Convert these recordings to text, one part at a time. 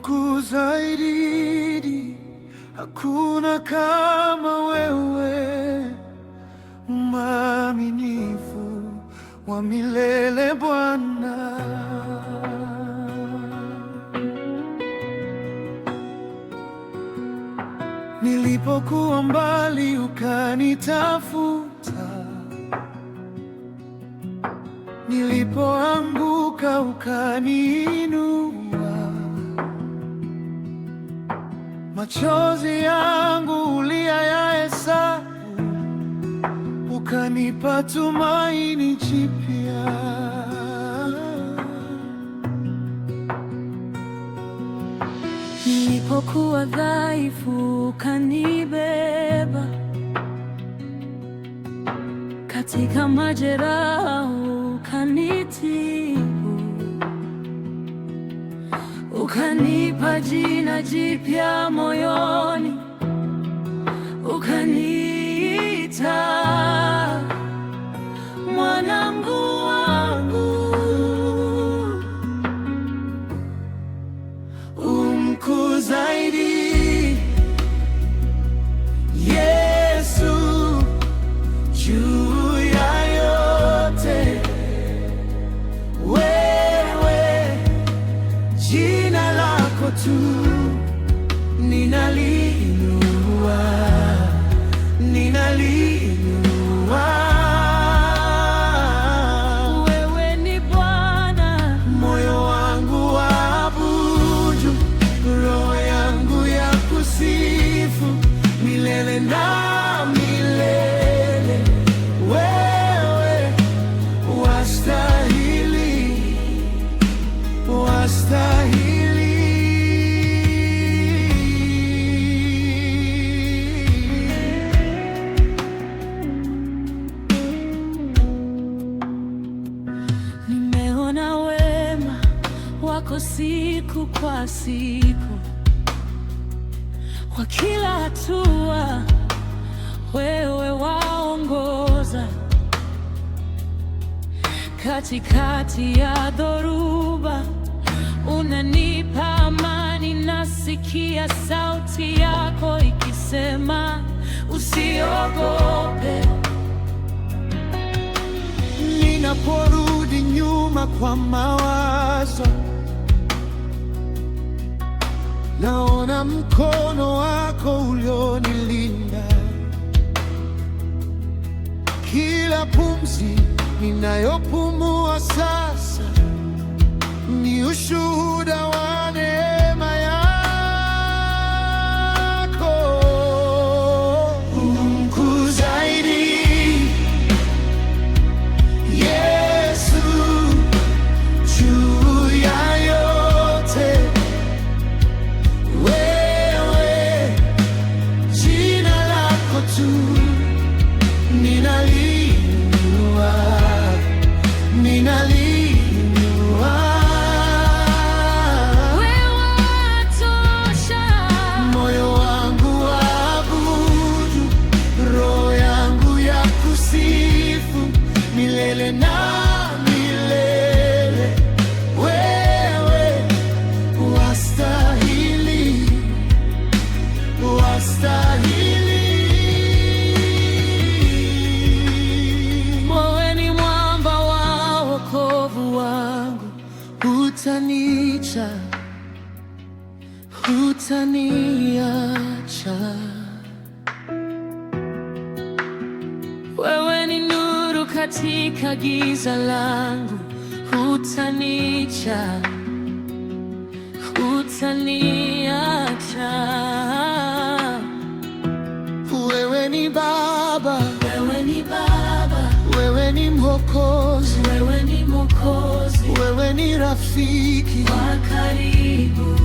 Mungu zaidi, hakuna kama wewe, mwaminifu wa milele Bwana. Nilipokuwa mbali ukanitafuta, nilipoanguka ukaniinua machozi yangu uliyayahesabu, ukanipa tumaini jipya. Nilipokuwa dhaifu, ukanibeba katika majeraha, ukanitia ukanipa jina jipya moyoni ukaniita tu ninaliinua, ninaliinua siku kwa siku, kwa kila hatua wewe waongoza katikati ya dhoruba, unanipa amani. Nasikia sauti yako ikisema, usiogope. Ninaporudi nyuma kwa mawazo naona mkono wako ulionilinda, kila pumzi ninayopumua sasa ni ushuhuda wane utaniacha. Wewe ni nuru katika giza langu, hutanicha, hutaniacha. Wewe ni Baba, wewe ni Baba, wewe ni Mwokozi, wewe ni Mwokozi, wewe ni rafiki wa karibu.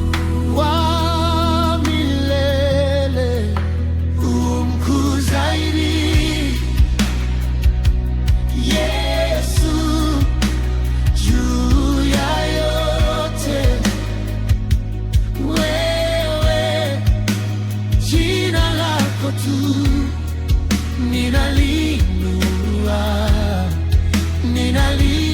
tu ninalinua ninalinua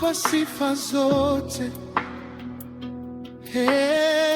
Umenipa sifa zote hey.